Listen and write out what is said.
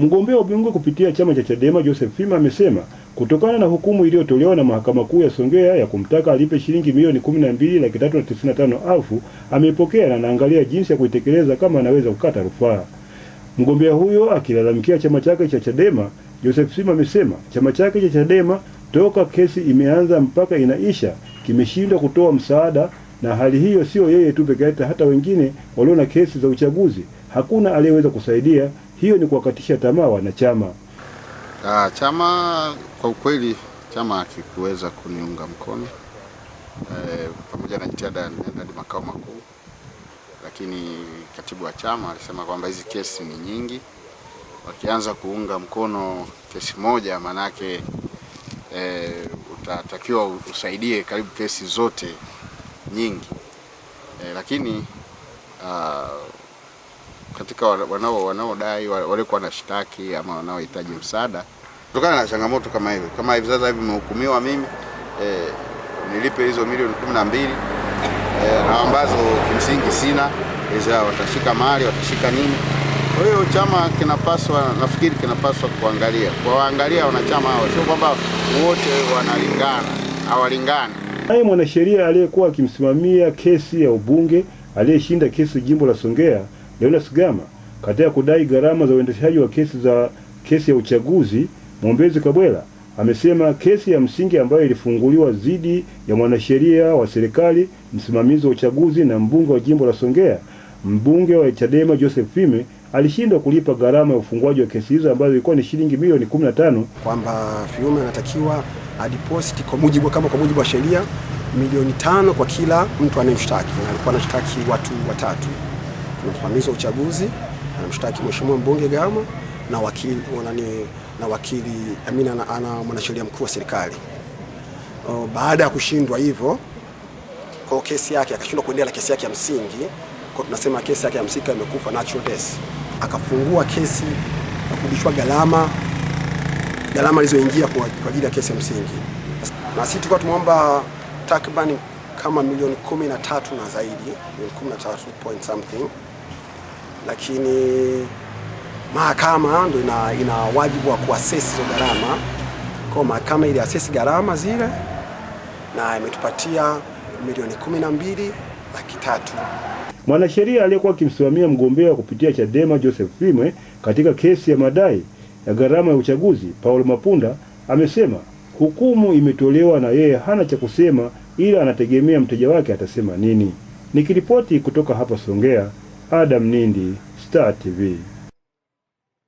Mgombea wa ubunge kupitia chama cha Chadema Joseph Fima amesema kutokana na hukumu iliyotolewa na Mahakama Kuu ya Songea ya kumtaka alipe shilingi milioni kumi na mbili laki tatu na tisini na tano elfu ameipokea na anaangalia jinsi ya kuitekeleza kama anaweza kukata rufaa. Mgombea huyo akilalamikia chama chake cha Chadema, Joseph Fima amesema chama chake cha Chadema toka kesi imeanza mpaka inaisha kimeshindwa kutoa msaada, na hali hiyo sio yeye tu peke yake, hata wengine walio na kesi za uchaguzi hakuna aliyeweza kusaidia hiyo ni kuwakatisha tamaa wanachama. Ah, chama kwa ukweli chama hakikuweza kuniunga mkono e, pamoja na jitihada hadi makao makuu, lakini katibu wa chama alisema kwamba hizi kesi ni nyingi, wakianza kuunga mkono kesi moja maanake e, eh, utatakiwa usaidie karibu kesi zote nyingi e, lakini a, ah, katika wanao wanaodai wanao waliokuwa na shtaki ama wanaohitaji msaada kutokana na changamoto kama hivi kama hivi sasa hivi nimehukumiwa mimi eh, nilipe hizo milioni kumi na mbili e, na ambazo kimsingi sina za watashika mali watashika nini. Kwa hiyo chama kinapaswa, nafikiri kinapaswa kuangalia kwa waangalia wanachama hao, sio kwamba wote wanalingana, hawalingani. Naye mwanasheria aliyekuwa akimsimamia kesi ya ubunge aliyeshinda kesi jimbo la Songea Jonas Gama katika kudai gharama za uendeshaji wa kesi za kesi ya uchaguzi, mwombezi Kabwela amesema kesi ya msingi ambayo ilifunguliwa dhidi ya mwanasheria wa serikali, msimamizi wa uchaguzi na mbunge wa jimbo la Songea, mbunge wa Chadema Joseph Fime alishindwa kulipa gharama ya ufunguaji wa kesi hizo ambazo ilikuwa ni shilingi milioni 15, kwamba Fiume anatakiwa adiposti kwa mujibu kama kwa mujibu wa sheria milioni tano kwa kila mtu anayemshtaki, na alikuwa anashtaki watu watatu wa uchaguzi, anamshtaki mheshimiwa mbunge Gama na wakili wanani, na wakili Amina na ana mwanasheria mkuu wa serikali. Baada ya kushindwa hivyo kwa kesi yake, akashindwa kuendelea na kesi yake ya msingi, kwa tunasema kesi yake ya msingi imekufa natural death. Akafungua kesi na kurudishwa gharama gharama alizoingia kwa ajili ya kesi ya msingi, na sisi tulikuwa tumeomba takriban kama milioni kumi na tatu na zaidi, milioni kumi na tatu point something lakini mahakama ndo ina, ina wajibu wa kuasesi hizo gharama. Kwa mahakama ili assess gharama zile na imetupatia milioni kumi na mbili laki tatu. Mwanasheria aliyekuwa akimsimamia mgombea wa kupitia Chadema Joseph Limwe katika kesi ya madai ya gharama ya uchaguzi Paul Mapunda amesema hukumu imetolewa na yeye hana cha kusema, ila anategemea mteja wake atasema nini. Nikiripoti kutoka hapa Songea, Adam Nindi, Star TV.